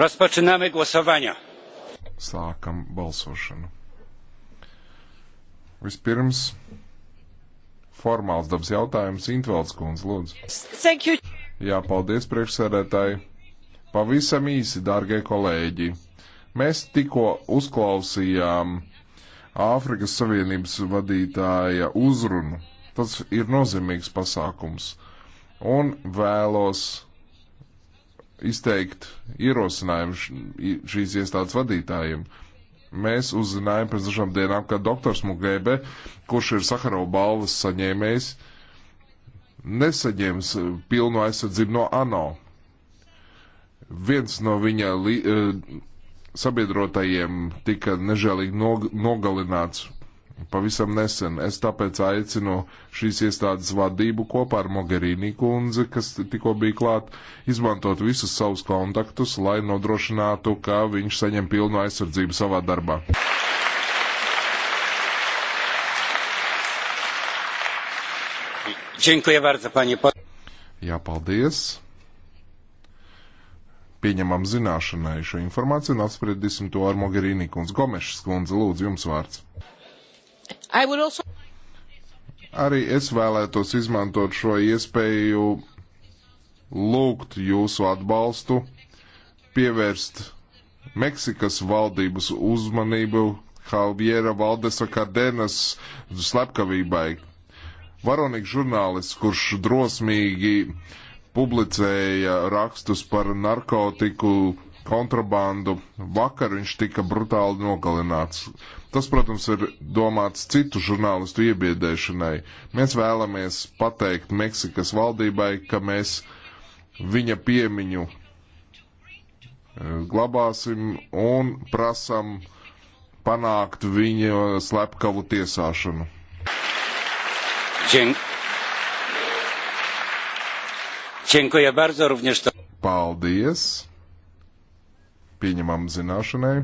Rozpoczynamy głosowania. Sākam balsošanu. Vispirms formāls dabas jautājums Intvalds kundze, lūdzu. Thank you. Jā, paldies priekšsēdētāji. Pavisam īsi, dārgie kolēģi. Mēs tikko uzklausījām Āfrikas Savienības vadītāja uzrunu. Tas ir nozīmīgs pasākums. Un vēlos izteikt ierosinājumu šīs iestādes vadītājiem. Mēs uzzinājām pēc dažām dienām, ka doktors Mugebe, kurš ir Sakarau balvas saņēmējs, nesaņems e, pilnu aizsardzību no ANO. Viens no viņa li, e, sabiedrotajiem tika nežēlīgi nogalināts pavisam nesen. Es tāpēc aicinu šīs iestādes vadību kopā ar Mogherīnī kundzi, kas tikko bija klāt, izmantot visus savus kontaktus, lai nodrošinātu, ka viņš saņem pilnu aizsardzību savā darbā. Jā, paldies. Pieņemam zināšanai šo informāciju un apspriedīsim to ar Mogherīnī kundzi. Gomešas kundze, lūdzu, jums vārds. Also... Arī es vēlētos izmantot šo iespēju lūgt jūsu atbalstu, pievērst Meksikas valdības uzmanību Javiera Valdesa Kardenas slepkavībai. Varonīgs žurnālists, kurš drosmīgi publicēja rakstus par narkotiku kontrabandu. Vakar viņš tika brutāli nogalināts. Tas, protams, ir domāts citu žurnālistu iebiedēšanai. Mēs vēlamies pateikt Meksikas valdībai, ka mēs viņa piemiņu e, glabāsim un prasam panākt viņa slepkavu tiesāšanu. Dziękuję bardzo również to. Paldies pieņemam zināšanai.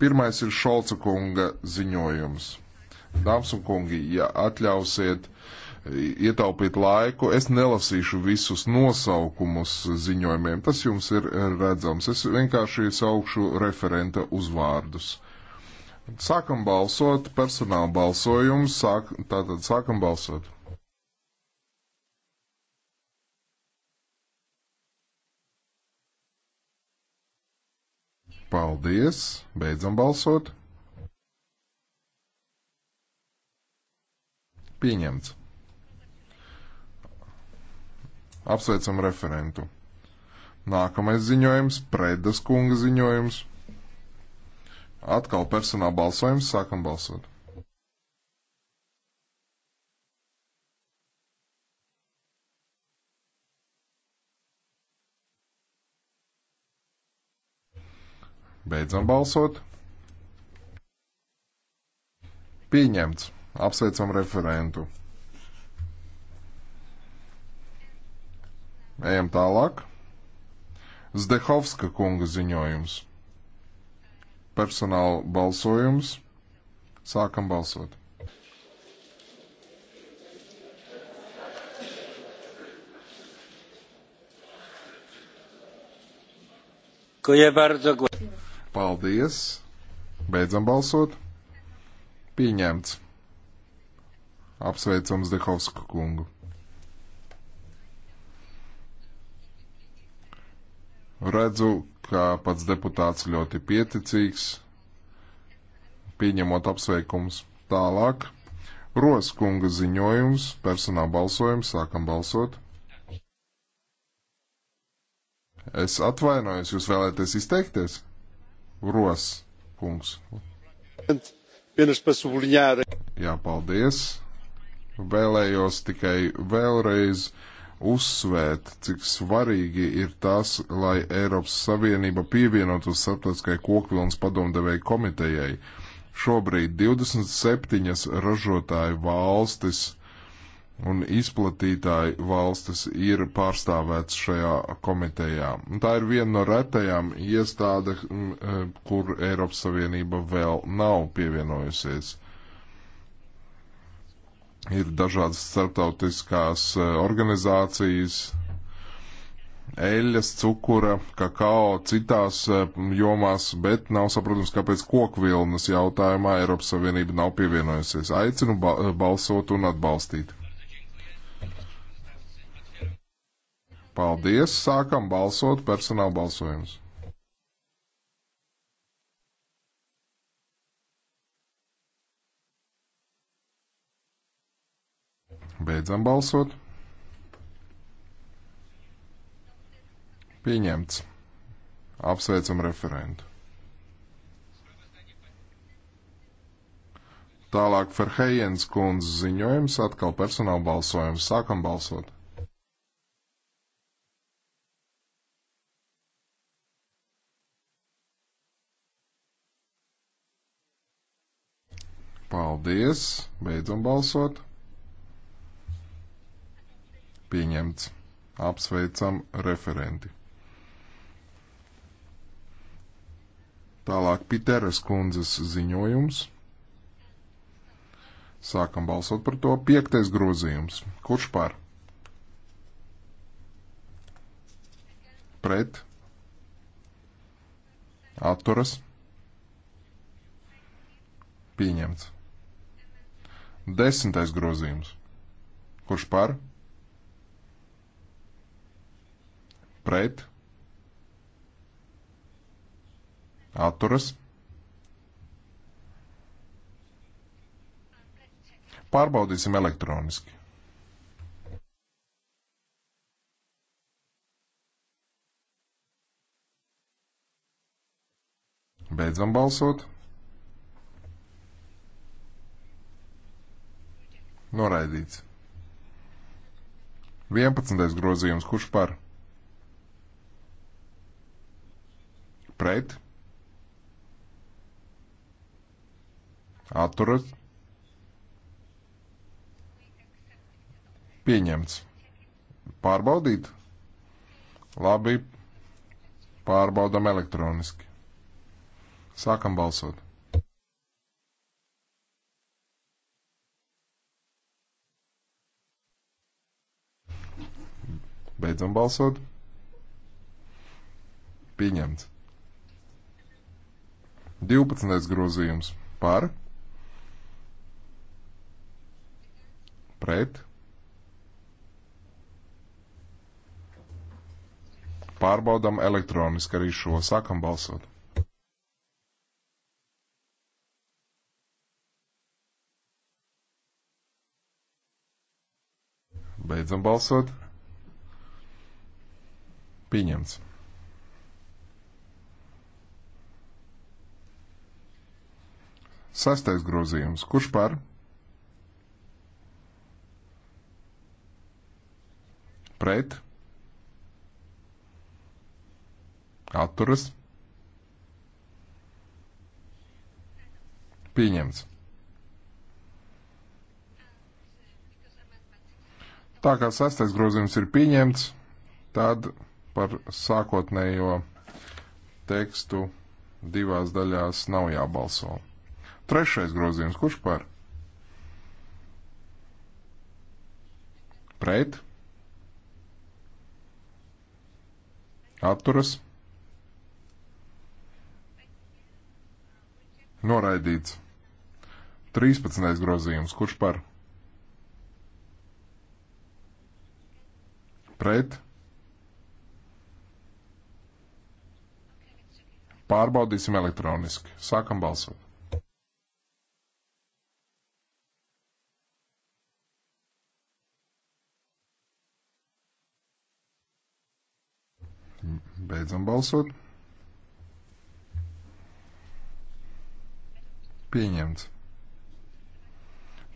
Pirmais ir Šolca kunga ziņojums. Dāmas un kungi, ja atļausiet ietaupīt laiku, es nelasīšu visus nosaukumus ziņojumiem. Tas jums ir redzams. Es vienkārši saukšu referenta uzvārdus. Sākam balsot, personāla balsojums, sāk, tātad sākam balsot. Paldies! Beidzam balsot! Pieņemts. Apsveicam referentu. Nākamais ziņojums - Predas kunga ziņojums. Atkal personāla balsojums, sākam balsot. Beidzam balsot. Pieņemts. Apsveicam referentu. Ejam tālāk. Zdehovska kunga ziņojums. Personāla balsojums. Sākam balsot. Dziękuję bardzo. Paldies! Beidzam balsot. Pieņemts. Apsveicam Zdehovsku kungu. Redzu, ka pats deputāts ļoti pieticīgs, pieņemot apsveikums tālāk. Roskunga ziņojums, personāla balsojums, sākam balsot. Es atvainojos, jūs vēlēties izteikties? Ros kungs. Jā, paldies. Vēlējos tikai vēlreiz uzsvērt, cik svarīgi ir tas, lai Eiropas Savienība pievienotos starptautiskai kokvilnas padomdevēju komitejai. Šobrīd 27 ražotāju valstis un izplatītāju valstis ir pārstāvēts šajā komitejā. Tā ir viena no retajām iestāde, mm, e, kur Eiropas Savienība vēl nav pievienojusies. Ir dažādas starptautiskās e, organizācijas, eļas, cukura, kakao, citās e, jomās, bet nav saprotams, kāpēc kokvilnas jautājumā Eiropas Savienība nav pievienojusies. Aicinu balsot un atbalstīt. Paldies, sākam balsot personāla balsojums. Beidzam balsot. Pieņemts. Apsveicam referentu. Tālāk Ferhejens kundzes ziņojums, atkal personāla balsojums. Sākam balsot. Paldies! Beidzam balsot. Pieņemts. Apsveicam referenti. Tālāk Piteres kundzes ziņojums. Sākam balsot par to. Piektais grozījums. Kurš par? Pret. Atturas. Pieņemts. Desmitais grozījums. Kurš par? Pret? Atturas? Pārbaudīsim elektroniski. Beidzam balsot. Noraidīts. 11. grozījums. Kurš par? Pret. Atturas. Pieņemts. Pārbaudīt? Labi. Pārbaudam elektroniski. Sākam balsot. Beidzam balsot. Pieņemts. 12. grozījums par, pret, pārbaudam elektroniski arī šo, sākam balsot. Beidzam balsot. Pieņemts. Sastais grozījums. Kurš par? Pret. Atturas. Pieņemts. Tā kā sastais grozījums ir pieņemts, tad. Tād... Par sākotnējo tekstu divās daļās nav jābalso. Trešais grozījums, kurš par? Pret? Atturas? Noraidīts. 13. grozījums, kurš par? Pret? Pārbaudīsim elektroniski. Sākam balsot. Beidzam balsot. Pieņemts.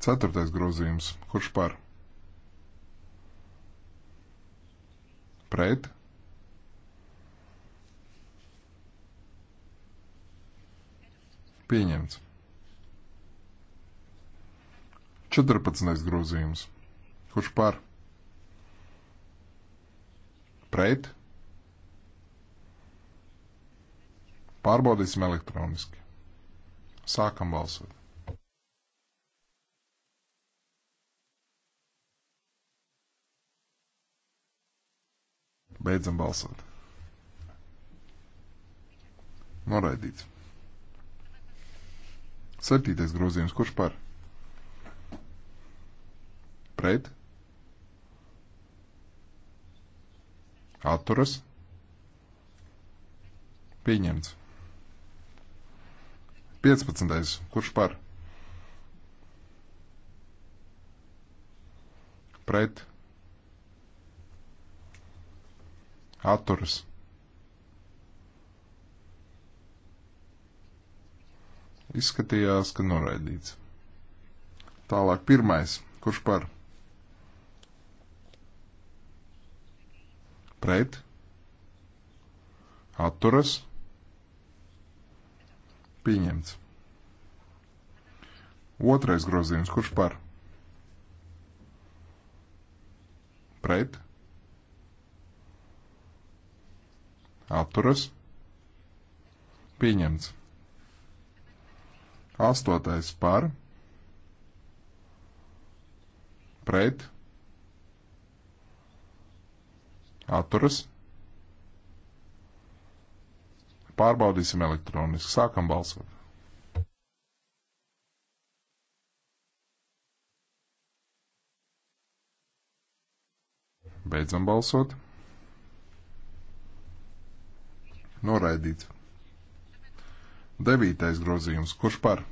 Ceturtais grozījums. Kurš par? Pret? Pieņemts. 14. grozījums. Kurš par? Pret? Pārbaudīsim elektroniski. Sākam balsot. Beidzam balsot. Noraidīts. Septītais grozījums, kurš par? Pret? Atturas? Pieņemts. 15. Kurš par? Pret? Atturas? Izskatījās, ka noraidīts. Tālāk pirmais. Kurš par? Pret. Atturas. Pieņemts. Otrais grozījums. Kurš par? Pret. Atturas. Pieņemts. Astotais par, pret, atturas. Pārbaudīsim elektroniski. Sākam balsot. Beidzam balsot. Noraidīts. Devītais grozījums. Kurš par?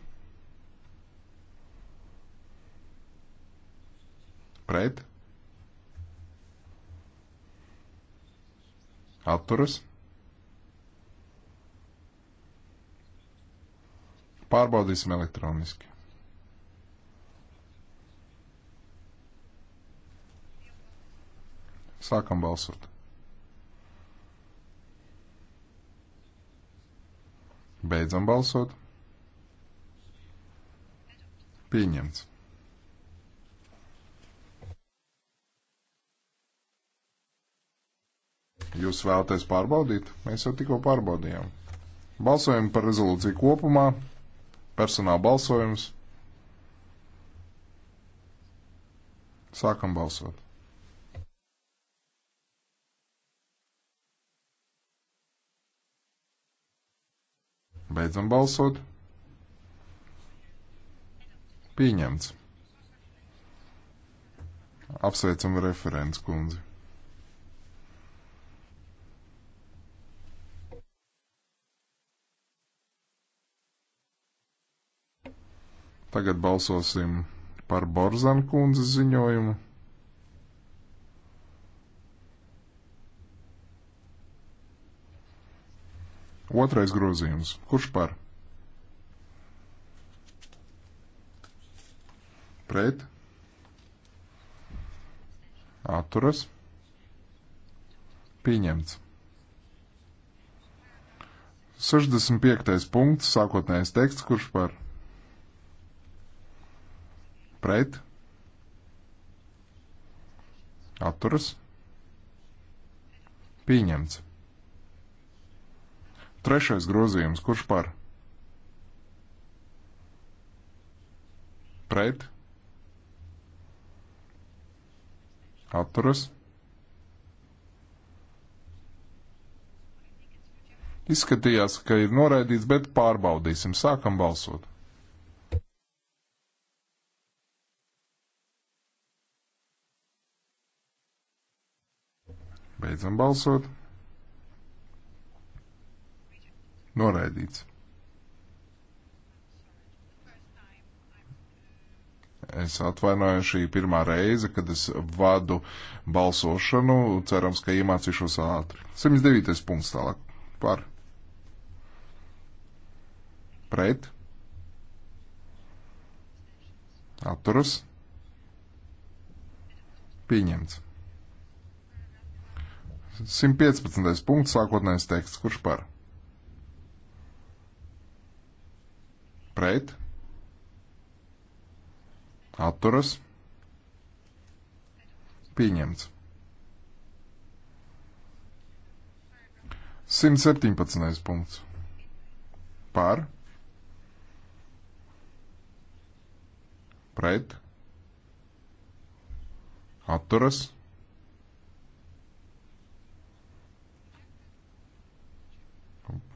Pret? Atturas? Pārbaudīsim elektroniski. Sākam balsot. Beidzam balsot. Pieņemts. Jūs vēlaties pārbaudīt? Mēs jau tikko pārbaudījām. Balsojam par rezolūciju kopumā. Personāla balsojums. Sākam balsot. Beidzam balsot. Pieņemts. Apsveicam referents kundzi. Tagad balsosim par Borzan kundzes ziņojumu. Otrais grozījums. Kurš par? Pret. Atturas. Pieņemts. 65. punkts, sākotnējais teksts, kurš par pret atturas pieņemts. Trešais grozījums, kurš par? Pret? Atturas? Izskatījās, ka ir noraidīts, bet pārbaudīsim. Sākam balsot. Beidzam balsot. Noraidīts. Es atvainoju, šī pirmā reize, kad es vadu balsošanu. Cerams, ka iemācīšos ātri. 79. punkts tālāk. Par. Pret. Atturas. Pieņemts. 115. punkts, sākotnējais teksts. Kurš par? pret, atturas, pieņemts. 117. punkts. Par, pret, atturas,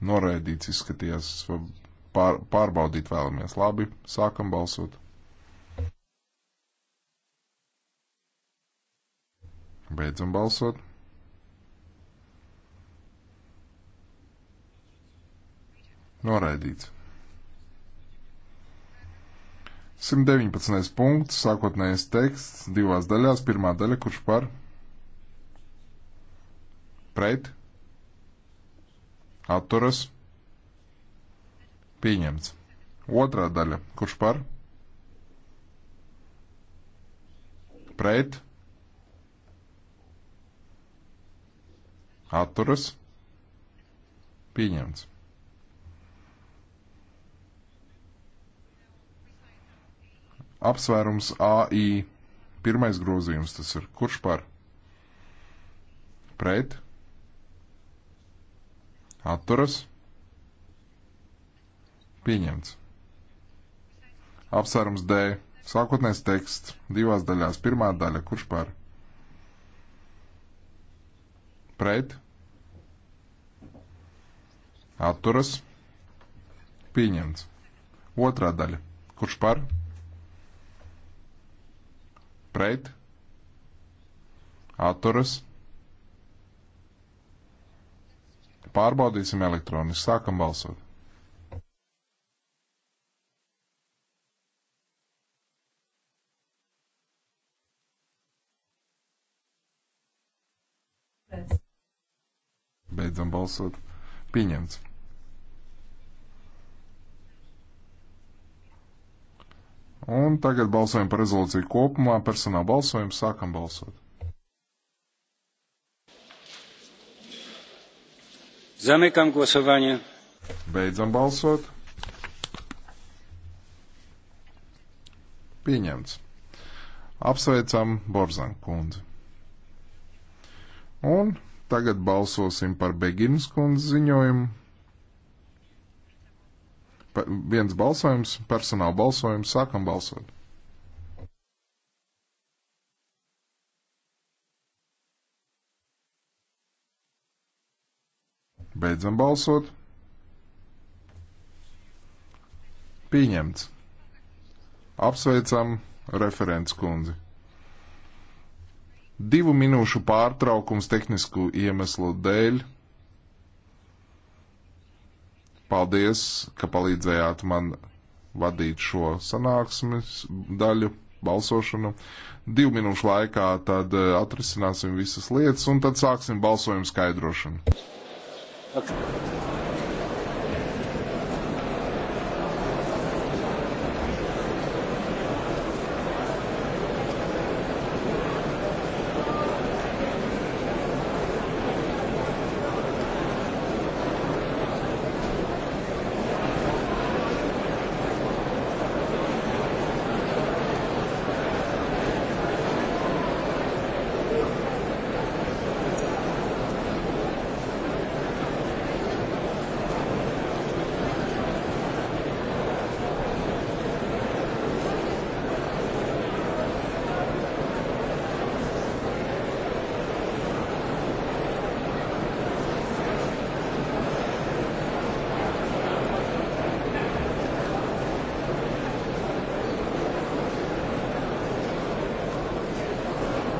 noraidīts izskatījās pār, pārbaudīt vēlamies. Labi, sākam balsot. Beidzam balsot. Noraidīts. 119. punkts, sākotnējais teksts, divās daļās. Pirmā daļa, kurš par? Pret? Atturas? Pieņemts. Otrā daļa. Kurš par? Pret. Atturas. Pieņemts. Apsvērums AI. Pirmais grozījums tas ir. Kurš par? Pret. Atturas. Pieņemts. Apsvērums D. Sākotnēs teksts divās daļās. Pirmā daļa. Kurš par? Pret. Atturas. Pieņemts. Otrā daļa. Kurš par? Pret. Atturas. Pārbaudīsim elektroniski. Sākam balsot. Beidzam balsot. Pieņemts. Un tagad balsojam par rezolūciju kopumā. Personāla balsojumu sākam balsot. Zamykam głosowanie. Beidzam balsot. Pieņemts. Apsveicam Borzanku kundzi. Un Tagad balsosim par Beginas kundzes ziņojumu. Pa, viens balsojums, personāla balsojums, sākam balsot. Beidzam balsot. Pieņemts. Apsveicam referents kundzi. Divu minūšu pārtraukums tehnisku iemeslu dēļ. Paldies, ka palīdzējāt man vadīt šo sanāksmes daļu, balsošanu. Divu minūšu laikā tad eh, atrisināsim visas lietas un tad sāksim balsojumu skaidrošanu. Okay.